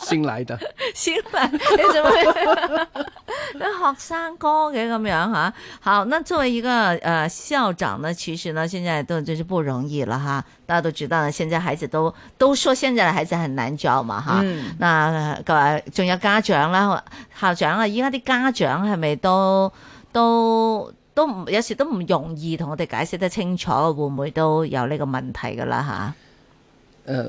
新來的來，新來的，你做咩？啲學生哥嘅咁樣吓，好，那作為一個誒校長呢？其實呢，現在都真是不容易了哈！大家都知道現在孩子都都說，現在的孩子很難教嘛，哈。嗯。那個仲有家長啦，校長啊，依家啲家長係咪都都都唔有時都唔容易同我哋解釋得清楚，會唔會都有呢個問題噶啦？吓、啊。呃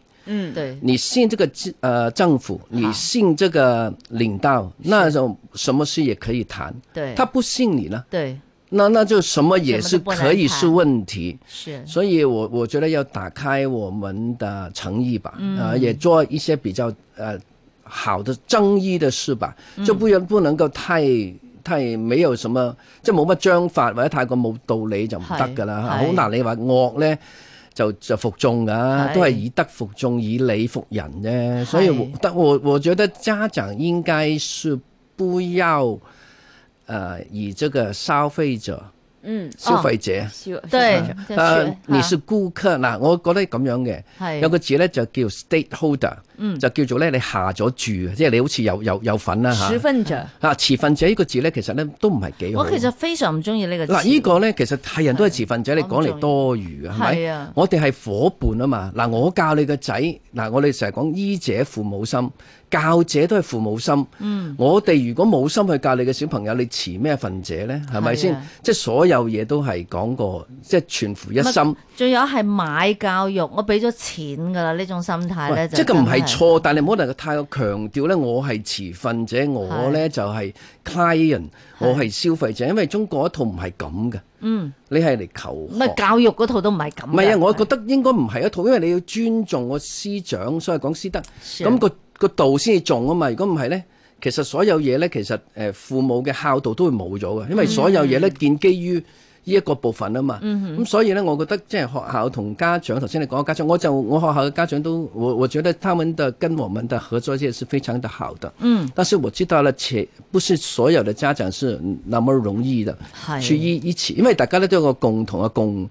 嗯，對你信這個政呃政府，你信這個領導，啊、那就什麼事也可以談。對是，他不信你呢。對，那那就什麼也是可以是問題。是。所以我我覺得要打開我們的誠意吧，啊、嗯呃，也做一些比較呃好的正義的事吧，就不要不能夠太、嗯、太沒有什麼，這冇乜章法或者太過冇道理就唔得噶啦，好難你話惡咧。就就服眾㗎，都係以德服眾，以理服人啫。所以，得我，我覺得家長應該是不要，呃、以這個消費者，嗯，消費者，消、哦、對，誒、啊，啊、你是顧客嗱，啊、我覺得咁樣嘅，係有個字呢就叫 stateholder。嗯、就叫做咧，你下咗注，即、就、係、是、你好似有有有份啦、啊、持份者嚇，持份者呢個字咧，其實咧都唔係幾好。我其實非常唔中意呢個字。嗱，呢個咧其實係人都係持份者，對你講嚟多餘係咪？我哋係吧、啊、伙伴啊嘛。嗱，我教你個仔，嗱，我哋成日講醫者父母心，教者都係父母心。嗯、我哋如果冇心去教你嘅小朋友，你持咩份者咧？係咪先？即係所有嘢都係講過即係全乎一心。最有係買教育，我俾咗錢㗎啦，呢種心態呢，即係唔係。錯，但你唔好太過強調咧。我係持份者，是我咧就係 client，是我係消費者。因為中國一套唔係咁嘅，嗯，你係嚟求。咪教育嗰套都唔係咁。唔係啊，我覺得應該唔係一套，是因為你要尊重個師長，所以講師德，咁是、那個個道先至重啊嘛。如果唔係呢，其實所有嘢呢，其實誒父母嘅孝道都會冇咗嘅，因為所有嘢呢，嗯、建基於。呢一個部分啊嘛，咁、嗯、哼所以咧，我覺得即係學校同家長，頭先你講家長，我就我學校嘅家長都，我我覺得他們都跟我們的合作嘅是非常的好的。嗯，但是我知道咧，且不是所有的家長是那麼容易的，嗯、去一一起，因為大家咧都有個共同嘅共。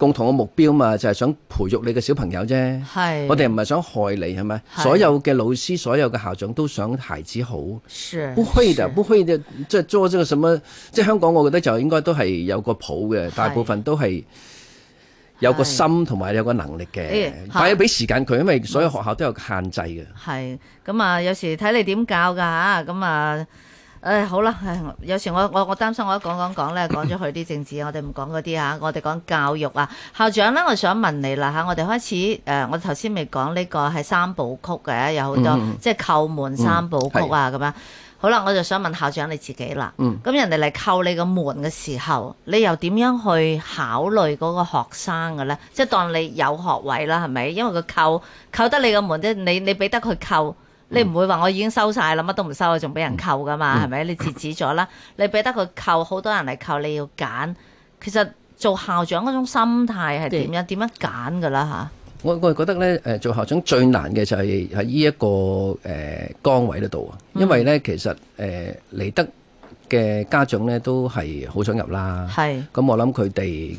共同嘅目標嘛，就係、是、想培育你嘅小朋友啫。是我哋唔係想害你係咪？是所有嘅老師、所有嘅校長都想孩子好。是不會嘅，不會即係做咗個什麼？即係香港，我覺得就應該都係有個譜嘅，是大部分都係有個心同埋有個能力嘅。但係要俾時間佢，因為所有學校都有限制嘅。係咁啊，有時睇你點教㗎吓咁啊。誒，好啦，誒，有時我我我擔心，我，心我一講講講咧，講咗佢啲政治，我哋唔講嗰啲吓，我哋講教育啊，校長咧，我想問你啦吓，我哋開始誒、呃，我頭先未講呢個係三部曲嘅，有好多、嗯、即係扣門三部曲啊咁、嗯、樣。好啦，我就想問校長你自己啦，咁人哋嚟扣你個門嘅時候，你又點樣去考慮嗰個學生嘅咧？即係當你有學位啦，係咪？因為佢扣扣得你個門啫，你你俾得佢扣。你唔會話我已經收曬啦，乜都唔收啊，仲俾人扣噶嘛？係咪？你截止咗啦，你俾得佢扣，好多人嚟扣，你要揀。其實做校長嗰種心態係點樣？點樣揀噶啦？吓？我我係覺得呢，誒做校長最難嘅就係喺呢一個誒崗位度，因為呢其實誒嚟得嘅家長呢都係好想入啦，係咁我諗佢哋。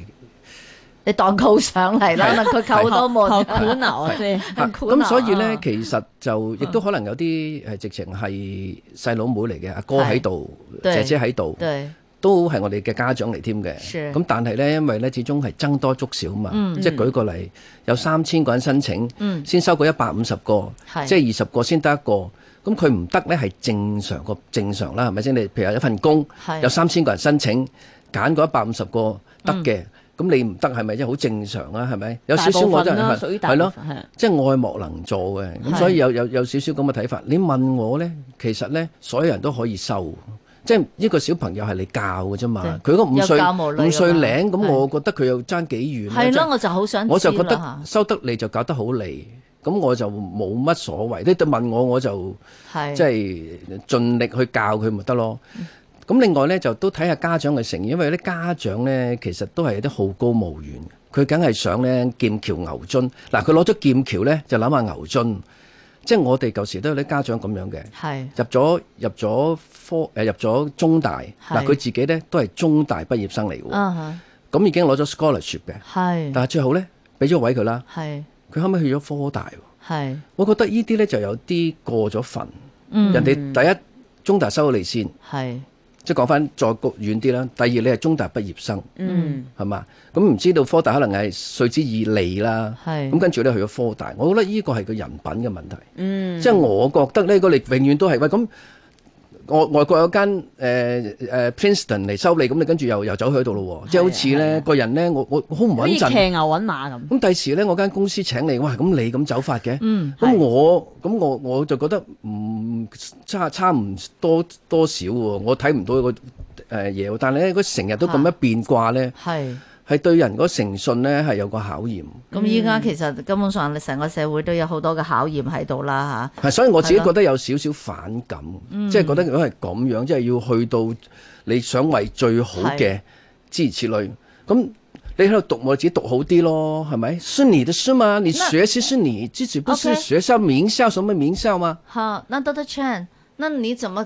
你當考上嚟啦，可能佢考好多門。苦惱先咁，所以呢其實就亦都可能有啲係直情係細佬妹嚟嘅，阿哥喺度，姐姐喺度，都係我哋嘅家長嚟添嘅。咁但係呢，因為呢，始終係僧多粥少啊嘛，即係舉個例，有三千個人申請，先收過一百五十個，即係二十個先得一個。咁佢唔得呢，係正常個正常啦，係咪先？你譬如有一份工，有三千個人申請，揀過一百五十個得嘅。咁你唔得係咪？即係好正常啊，係咪？有少少少我真係，係咯，即係是愛莫能助嘅。咁所以有有有少少咁嘅睇法。你問我咧，其實咧，所有人都可以收，即係一個小朋友係你教嘅啫嘛。佢嗰五歲五歲零，咁我覺得佢又爭幾遠。係咯的、就是，我就好想。我就覺得收得你就教得好利，咁我就冇乜所謂。你問我，我就即係是盡力去教佢咪得咯。咁另外咧，就都睇下家長嘅成員，因為啲家長咧，其實都係有啲好高騖遠，佢梗係想咧劍橋牛津嗱，佢攞咗劍橋咧，就諗下牛津，即係我哋舊時都有啲家長咁樣嘅，係是入咗入咗科誒、呃、入咗中大嗱，佢是自己咧都係中大畢業生嚟嘅，咁、uh huh、已經攞咗 scholarship 嘅，是但係最後咧俾咗位佢啦，佢是後尾去咗科大，是我覺得呢啲咧就有啲過咗份，嗯、人哋第一中大收咗你先。即係講翻再遠啲啦，第二你係中大畢業生，係嘛、嗯？咁唔知道科大可能係隨之而嚟啦，咁是跟住咧去咗科大，我覺得呢個係個人品嘅問題。即係、嗯、我覺得呢個你永遠都係喂咁。外外國有間誒誒 Princeton 嚟收你，咁你跟住又又走去嗰度咯，即係的好似咧的個人咧，我我，我好唔穩陣，騎牛揾馬咁。咁第時咧，我間公司請你，哇！咁你咁走法嘅，咁、嗯、我咁我我就覺得唔、嗯、差差唔多多少喎，我睇唔到、個誒嘢、呃，但係咧佢成日都咁樣變卦咧。啊係對人嘅誠信咧，係有個考驗。咁依家其實根本上成個社會都有好多嘅考驗喺度啦吓。係、啊，所以我自己覺得有少少反感，即係、嗯、覺得如果係咁樣，即、就、係、是、要去到你想為最好嘅支持類，咁是你喺度讀我自己讀好啲咯，係咪？是你的事嗎？你學習是你自己，那知不是學校名校，什麼名校嗎？好，那 Doctor Chan，那你怎麼？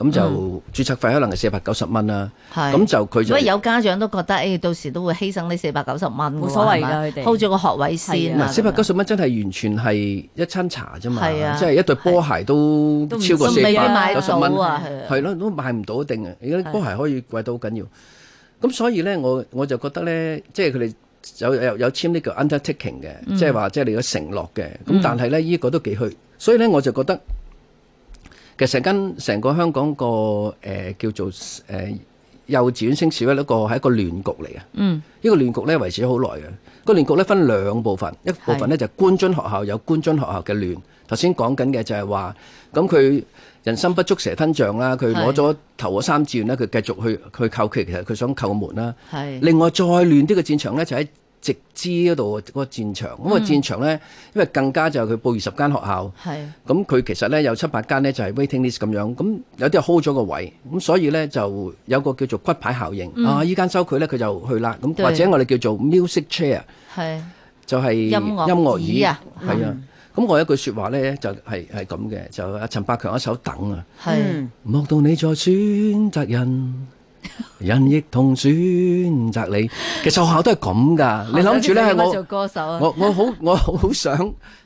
咁就註冊費可能係四百九十蚊啦。咁就佢就，所以有家長都覺得，誒到時都會犧牲呢四百九十蚊，冇所謂㗎。佢哋 hold 住個學位先。四百九十蚊真係完全係一餐茶啫嘛，即係一對波鞋都超過四百九十蚊，係咯，都買唔到一定嘅。而家啲波鞋可以貴到好緊要。咁所以咧，我我就覺得咧，即係佢哋有有有簽呢個 undertaking 嘅，即係話即係你個承諾嘅。咁但係咧，呢個都幾虛，所以咧我就覺得。其實成間成個香港個誒叫做誒幼稚園升小位，一個係一個亂局嚟嘅。嗯，呢個亂局咧維持咗好耐嘅。個亂局咧分兩部分，一部分咧就官津學校有官津學校嘅亂。頭先講緊嘅就係話，咁佢人心不足蛇吞象啦，佢攞咗頭嗰三資源咧，佢繼續去去求其，其實佢想叩門啦。係另外再亂啲嘅戰場咧，就喺，直資嗰度嗰個戰場，咁、那、啊、個、戰場呢，嗯、因為更加就佢報二十間學校，咁佢是其實呢有七八間呢就係、是、waiting list 咁樣，咁有啲係 hold 咗個位，咁所以呢就有個叫做骨牌效應、嗯、啊，依間收佢呢，佢就去啦，咁或者我哋叫做 music chair，對就係音樂椅啊，啊，咁我有一句說話呢就係咁嘅，就陳百強一首等啊，望是、嗯、到你再選擇人。人亦同選擇你，其實學校都係咁㗎。 你諗住咧，係咪我做歌手？我我我好我好想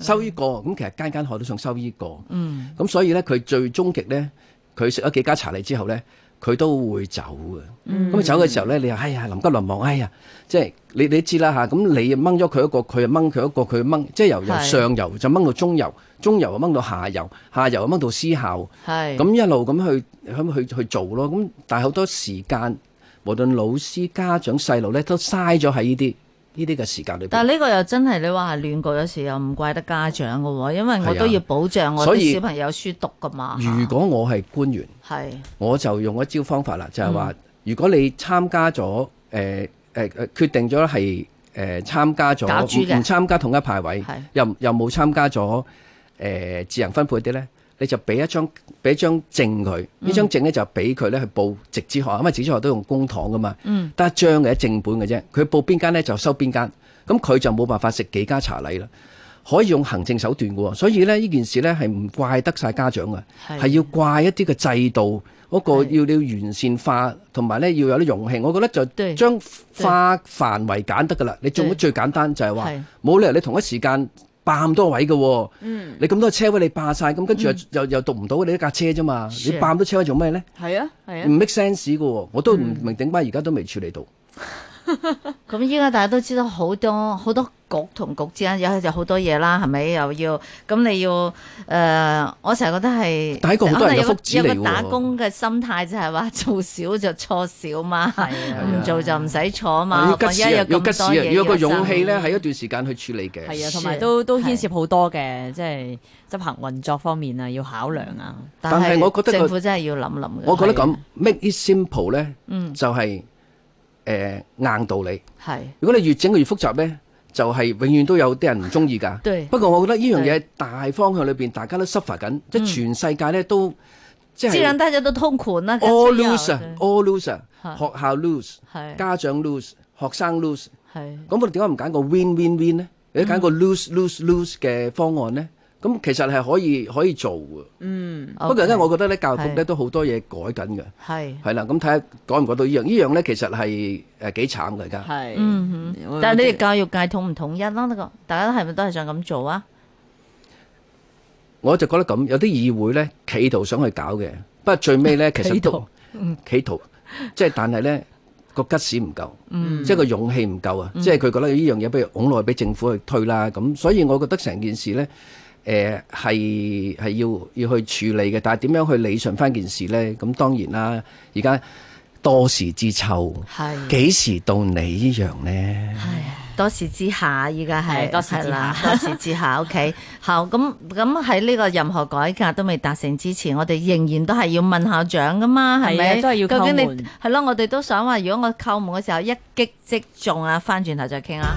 收呢個，咁 對 其實間間學都想收呢個。嗯，咁所以咧，佢最終極咧，佢食咗幾家茶禮之後咧，佢都會走嘅，咁、嗯、走嘅時候呢，你話哎呀，臨急臨忙，哎呀，即係你你知啦吓，咁你掹咗佢一個，佢又掹佢一個，佢掹，即係由由上游就掹到中游，中游又掹到下游，下游又掹到私校，咁是一路咁去咁去去，去做咯。咁但係好多時間，無論老師、家長、細路呢，都嘥咗喺呢啲。呢啲嘅時間裏，但呢個又真係你話係亂局有時，又唔怪得家長㗎喎，因為我都要保障我小朋友書讀㗎嘛。如果我係官員，係的我就用一招方法啦，就係話：如果你參加咗誒誒決定咗係誒參加咗唔、呃、參加同一派位，的又又冇參加咗誒、呃、自行分配啲咧。你就俾一張俾一張證佢，呢張證咧就俾佢咧去報直資學，因為直資學都用公帑噶嘛，得一張嘅一正本嘅啫。佢報邊間咧就收邊間，咁佢就冇辦法食幾家茶禮啦。可以用行政手段嘅，所以咧呢件事咧係唔怪得曬家長啊，係要怪一啲嘅制度嗰個要要完善化，同埋咧要有啲勇氣。我覺得就將花範圍減得噶啦，你做最簡單就係話冇理由你同一時間。霸咁多位㗎喎，嗯、你咁多車位你霸晒，咁跟住又又、嗯、又讀唔到，你一架車啫嘛，啊、你霸咁多車位做咩咧？係啊，係啊，唔 make sense 㗎喎，我都唔明點解而家都未處理到。嗯咁依家大家都知道好多好多局同局之間有有好多嘢啦，係咪又要咁你要誒？我成日覺得係打工都係打工嘅心態就係話做少就錯少嘛，唔做就唔使錯嘛。而家有要吉事，要個勇氣咧，喺一段時間去處理嘅。係啊，同埋都都牽涉好多嘅，即係執行運作方面啊，要考量啊。但係我覺得政府真係要諗諗。我覺得咁，make it simple 咧，就係。誒硬道理係，如果你越整個越複雜咧，就係永遠都有啲人唔中意㗎。對，不過我覺得呢樣嘢大方向裏邊大家都 suffer 緊，即係全世界咧都即係。既然大家都痛苦啦，all lose 啊，all lose 啊，學校 lose，家長 lose，學生 lose，係。咁我哋點解唔揀個 win win win 咧？你揀個 lose lose lose 嘅方案咧？咁其實係可以可以做嘅，嗯，不過而家我覺得咧，教育局咧都好多嘢改緊嘅，係係啦，咁睇下改唔改到依樣，依樣咧其實係誒幾慘嘅而家，係，嗯哼，但係你哋教育界統唔統一咯？呢個大家都係咪都係想咁做啊？我就覺得咁，有啲議會咧，企圖想去搞嘅，不過最尾咧，其實都企圖，即係但係咧個吉屎唔夠，嗯，即係個勇氣唔夠啊，即係佢覺得依樣嘢不如攬來俾政府去推啦，咁，所以我覺得成件事咧。誒係係要要去處理嘅，但係點樣去理順翻件事呢？咁當然啦，而家多事之秋，幾的時到你依樣呢？係多事之下，依家係多事之下，的多事之下， 多時之下，OK。好咁咁喺呢個任何改革都未達成之前，我哋仍然都係要問校長噶嘛？係咪？究竟你係咯？我哋都想話，如果我叩門嘅時候一擊即中啊！翻轉頭再傾啊！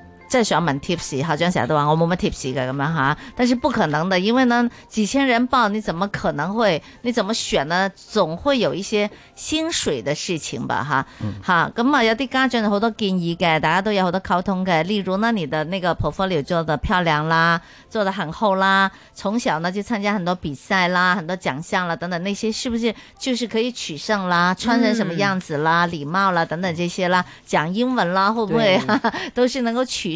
再想問 tips，家長想的話我冇乜 tips 嘅、啊、咁樣哈，但是不可能的，因為呢幾千人報，你怎麼可能會？你怎麼選呢？總會有一些薪水的事情吧哈。啊、嗯。哈、啊，咁啊有啲家長有好多建議嘅，大家都有好多溝通嘅，例如呢你的那個 Portfolio 做得漂亮啦，做得很厚啦，從小呢就參加很多比賽啦，很多獎項啦等等那些是不是就是可以取勝啦？穿成什麼樣子啦？嗯、禮貌啦等等這些啦，講英文啦對會不會、啊？都是能夠取。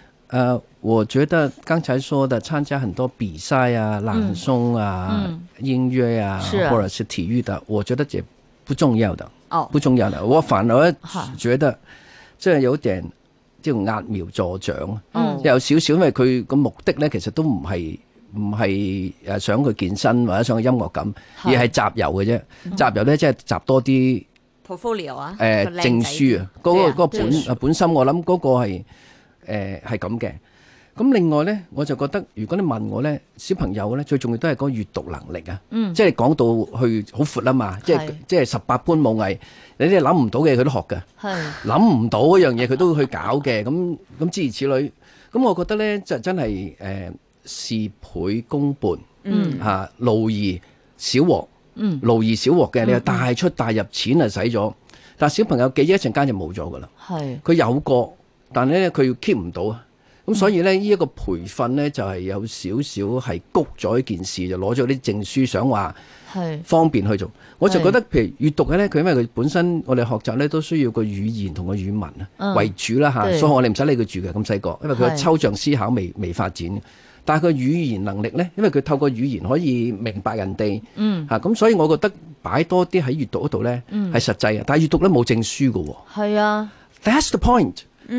誒，我覺得剛才說的參加很多比賽啊、朗誦啊、音樂啊，或者是體育的，我覺得這不重要的，哦，不重要的。我反而覺得即係有啲人叫揠苗助長，有少少，因為佢個目的咧，其實都唔係唔係誒想佢健身或者想佢音樂感，而係集郵嘅啫。集郵咧即係集多啲 portfolio 啊，誒證書啊，嗰個嗰個本，本身我諗嗰個係。誒係咁嘅，咁另外咧，我就覺得如果你問我咧，小朋友咧最重要都係嗰個閱讀能力啊，嗯，即係講到去好闊啊嘛，即係即係十八般武藝，你哋諗唔到嘅佢都學嘅，係諗唔到嗰樣嘢佢都去搞嘅，咁咁諸如此類，咁我覺得咧就真係誒事倍功半，嗯嚇勞而少獲，嗯勞而少獲嘅，你又大出大入錢係使咗，但係小朋友記憶一陣間就冇咗噶啦，係佢有過，但係咧佢要 keep 唔到，咁所以咧呢一個培訓咧就係有少少係谷咗一件事，就攞咗啲證書，想話方便去做。我就覺得，譬如閱讀咧，佢因為佢本身我哋學習咧都需要個語言同個語文啊為主啦、嗯、所以我哋唔使理佢住嘅咁細個，因為佢抽象思考未未發展。是但係佢語言能力咧，因為佢透過語言可以明白人哋，嗯咁、啊，所以我覺得擺多啲喺閱讀嗰度咧係實際嘅，嗯、但係閱讀咧冇證書㗎喎，係啊，that's the point。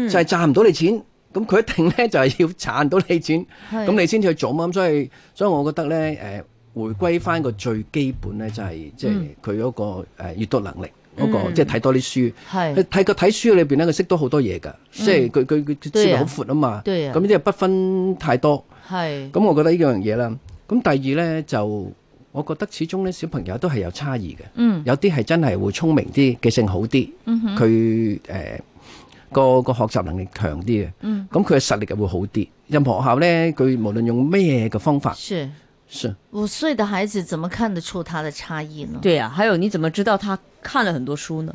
就係賺唔到你錢，咁佢一定咧就係要賺到你錢，咁你先至去做嘛。咁所以，所以我覺得咧，誒，回歸翻個最基本咧，就係即係佢嗰個誒閱讀能力嗰個，即係睇多啲書。係睇個睇書裏邊咧，佢識到好多嘢㗎，即係佢佢佢知識好闊啊嘛。咁呢啲又不分太多。係咁，我覺得呢樣嘢啦。咁第二咧，就我覺得始終咧，小朋友都係有差異嘅。有啲係真係會聰明啲，記性好啲。佢誒。個個學習能力強啲嘅，咁佢嘅實力就會好啲。任何學校呢，佢無論用咩嘅方法，是是。五歲是的孩子怎麼看得出他的差異呢？對啊，還有你怎麼知道他看了很多書呢？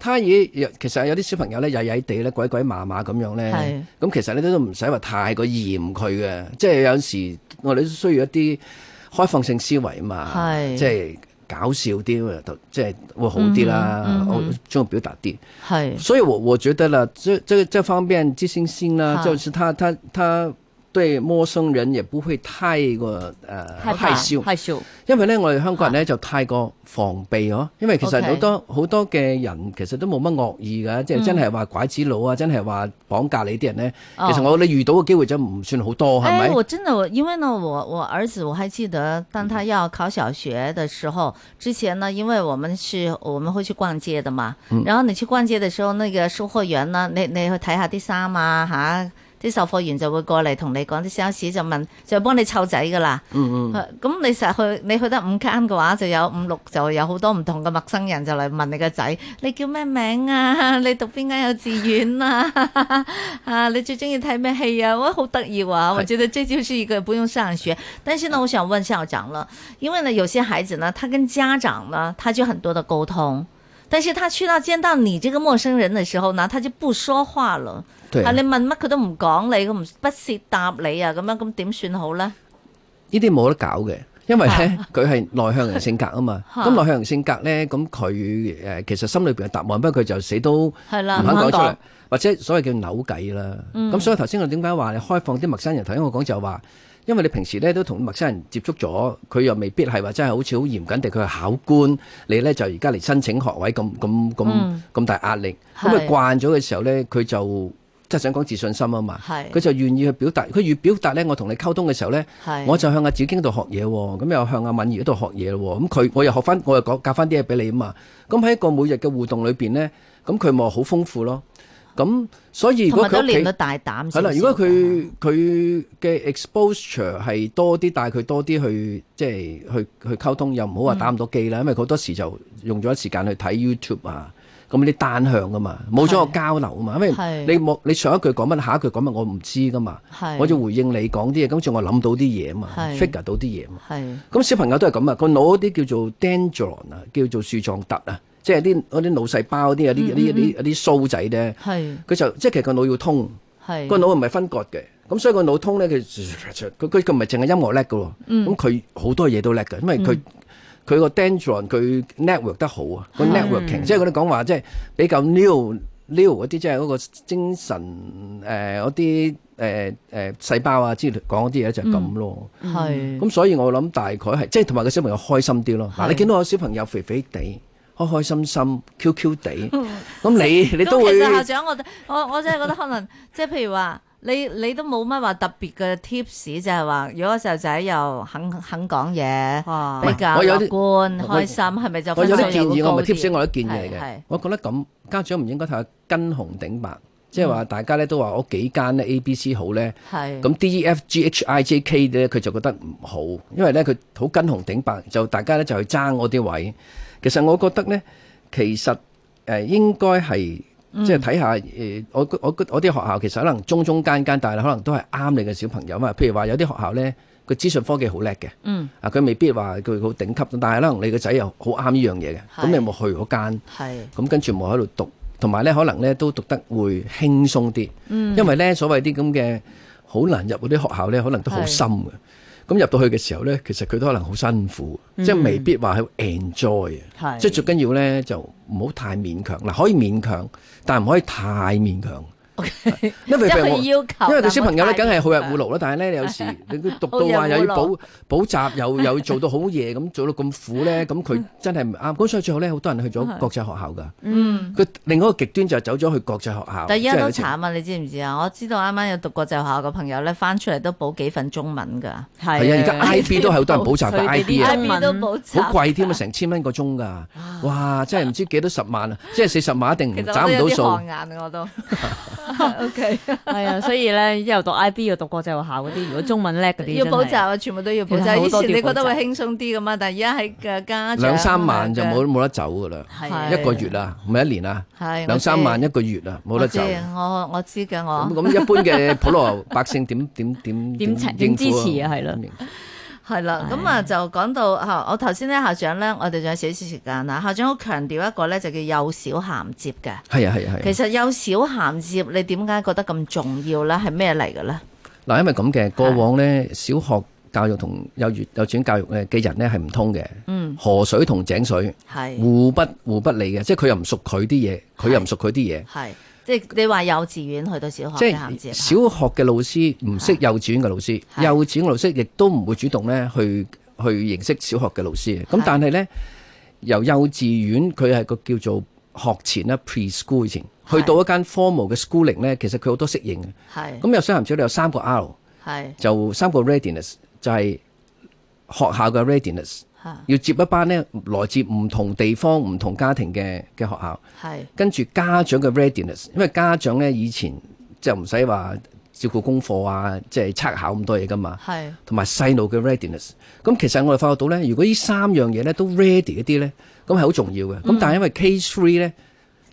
他而其實有啲小朋友咧曳曳地咧鬼鬼馬馬咁樣咧，咁是其實咧都唔使話太過嚴佢嘅，即、就、係、是、有時候我哋都需要一啲開放性思維啊嘛，即係是搞笑啲，即係會好啲啦，我將佢表達啲。係是，所以我我覺得啦，即這這方便知興先啦，就是他他是他。他他對陌生人，也不會太過誒、呃、害怕、害羞，害羞。因為呢，我哋香港人呢就太過防備嗬。因為其實好多好多嘅人，其實都冇乜惡意噶，即係真係話拐子佬啊，真係話綁架你啲人呢。其實我你遇到嘅機會就唔算好多，係咪？我真係因為呢，我我兒子，我還記得，當他要考小學嘅時候，之前呢，因為我們去，我們會去逛街的嘛。然後你去逛街嘅時候，那個售貨員呢，你你去睇下啲衫嘛，嚇？啲售貨員就會過嚟同你講啲 sales 就問就幫你湊仔噶啦，咁嗯嗯、啊、你實去你去得五間嘅話就有五六就有好多唔同嘅陌生人就嚟問你個仔，你叫咩名啊？你讀邊間幼稚園啊？ 啊，你最中意睇咩戲啊？哇，好得意喎！我覺得這就是一個不用上學是但是呢，我想問校長啦，因為呢有些孩子呢，他跟家長呢，他就很多的溝通。但是他去到見到你這個陌生人的時候呢，他就不說話了。對啊，啊，你問乜佢都唔講你，咁唔不屑答你啊，咁樣咁點算好呢？呢啲冇得搞嘅。因為呢，佢係內向人性格啊嘛。咁內、啊、向人性格呢，咁佢誒其實心裏邊嘅答案，不過佢就死都唔肯講出嚟，出或者所謂叫扭計啦。咁、嗯、所以頭先我點解話你開放啲陌生人頭先我講就話。因為你平時咧都同陌生人接觸咗，佢又未必係話真係好似好嚴謹地。佢係考官你咧就而家嚟申請學位咁咁咁咁大壓力，咁佢是慣咗嘅時候咧，佢就即係想講自信心啊嘛，佢是就願意去表達。佢越表達咧，我同你溝通嘅時候咧，是我就向阿子經度學嘢喎，咁又向阿敏兒嗰度學嘢咯喎，咁佢我又學翻，我又教教翻啲嘢俾你啊嘛。咁喺一個每日嘅互動裏邊咧，咁佢咪好豐富咯。咁所以如果佢佢，係啦，如果佢佢嘅 exposure 係多啲，帶佢多啲去即係去去溝通，又唔好話打唔到機啦，嗯、因為好多時就用咗時間去睇 YouTube 啊，咁啲單向噶嘛，冇咗個交流啊嘛，是因為你冇你上一句講乜，下一句講乜，我唔知噶嘛，是我就回應你講啲嘢，跟住我諗到啲嘢嘛，figure 到啲嘢嘛，咁小朋友都係咁啊，個腦啲叫做 dendron 啊，叫做樹狀突啊。即係啲啲腦細胞啲啊，啲啲啲有啲鬚仔咧，佢、嗯嗯、就即係其實個腦要通，個是腦唔係分割嘅，咁所以個腦通咧，佢佢佢唔係淨係音樂叻㗎喎，咁佢好多嘢都叻㗎，因為佢佢個、嗯、dendron 佢 network 得好啊，個 networking 即係佢是哋講話即係比較 new new 嗰啲，即係嗰個精神誒嗰啲誒誒細胞啊之類講嗰啲嘢就係咁咯，係咁、嗯、所以我諗大概係即係同埋個小朋友開心啲咯，嗱是你見到個小朋友肥肥哋。開開心心、Q Q 地，咁你你都會。咁其實校長，我我我真係覺得可能，即係譬如話，你你都冇乜話特別嘅 tips，就係話，如果個細路仔又肯肯講嘢，比較樂觀、開心，係咪就？我有啲建議，我唔係 tips，我有啲建議嘅。我覺得咁家長唔應該睇下跟紅頂白，即係話大家咧都話我幾間咧 A B C 好咧，咁 D E F G H I J K 咧佢就覺得唔好，因為咧佢好跟紅頂白，就大家咧就去爭嗰啲位。其實我覺得呢，其實誒應該係即係睇下誒、嗯呃，我我我啲學校其實可能中中間間，但係可能都係啱你嘅小朋友嘛。譬如話有啲學校呢，個資訊科技好叻嘅，嗯啊，佢未必話佢好頂級，但係可能你個仔又好啱呢樣嘢嘅，咁是你有冇去嗰間？咁跟住冇喺度讀，同埋呢，可能呢都讀得會輕鬆啲，嗯、因為呢，所謂啲咁嘅好難入嗰啲學校呢，可能都好深嘅。咁入到去嘅時候咧，其實佢都可能好辛苦，嗯、即係未必話係要 enjoy，即係最緊要咧就唔好太勉強。嗱，可以勉強，但唔可以太勉強。因為佢要求，因為佢小朋友咧，梗係好逸惡勞啦。但係咧，你有時你讀到話又要補補習，又又做到好嘢，咁，做到咁苦咧，咁佢真係唔啱。咁所以最後咧，好多人去咗國際學校噶。佢另外一個極端就走咗去國際學校。但係而家都慘啊！你知唔知啊？我知道啱啱有讀國際學校嘅朋友咧，翻出嚟都補幾份中文噶。係啊，而家 IB 都係好多人補習，補 IB 都好貴添啊，成千蚊個鐘噶。哇，真係唔知幾多十萬啊！即係四十萬一定斬唔到數。有眼我都。O K，係啊，所以咧又讀 I B 又讀國際學校嗰啲，如果中文叻嗰啲要補習啊，全部都要補習。補習以前你覺得會輕鬆啲噶嘛，但係而家喺嘅家長兩三萬就冇冇得走噶啦，係一個月啦，唔係一年啦，係啊，兩三萬一個月啊，冇得走，我。我我知噶，我咁一般嘅普羅百姓點點點點支持啊，係咯。係啦，咁啊就講到吓，我頭先咧校長咧，我哋仲有少少時間啦。校長好強調一個咧，就叫幼小銜接嘅。係啊係啊係。其實幼小銜接，你點解覺得咁重要咧？係咩嚟嘅咧？嗱，因為咁嘅過往咧，小學教育同幼兒、幼稚園教育咧嘅人咧係唔通嘅。嗯。河水同井水係互不互不理嘅，即係佢又唔熟佢啲嘢，佢又唔熟佢啲嘢。係。即係你話幼稚園去到小學嘅，限小學嘅老師唔識幼稚園嘅老師，幼稚園嘅老師亦都唔會主動咧去去認識小學嘅老師。咁是但係咧，由幼稚園佢係個叫做學前啦 （pre-school） 以前，去到一間 formal 嘅 schooling 咧，其實佢好多適應嘅。係咁又相含住你有三個 R，係就三個 readiness，是就係學校嘅 readiness。要接一班呢來自唔同地方、唔同家庭嘅嘅學校，係是跟住家長嘅 readiness，因為家長呢以前就唔使話照顧功課啊，即係測考咁多嘢㗎嘛，係同埋細路嘅 readiness。咁其實我哋發覺到呢，如果呢三樣嘢呢都 ready 一啲呢，咁係好重要嘅。咁但係因為 K three 呢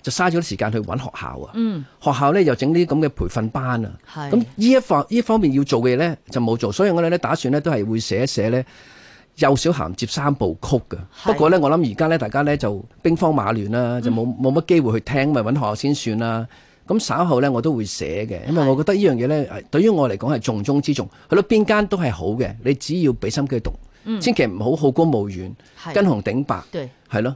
就嘥咗啲時間去搵學校啊，嗯、學校呢又整啲咁嘅培訓班啊，咁呢是一方呢方面要做嘅呢，就冇做，所以我哋呢打算呢，都係會寫一寫呢。幼小銜接三部曲嘅，不過呢，我諗而家呢大家呢就兵荒馬亂啦，就冇冇乜機會去聽，咪搵學校先算啦。咁稍後呢，我都會寫嘅，因為我覺得呢樣嘢呢對於我嚟講係重中之重。係咯，邊間都係好嘅，你只要俾心機讀，嗯、千祈唔好好高騖遠的跟紅頂白，係咯對。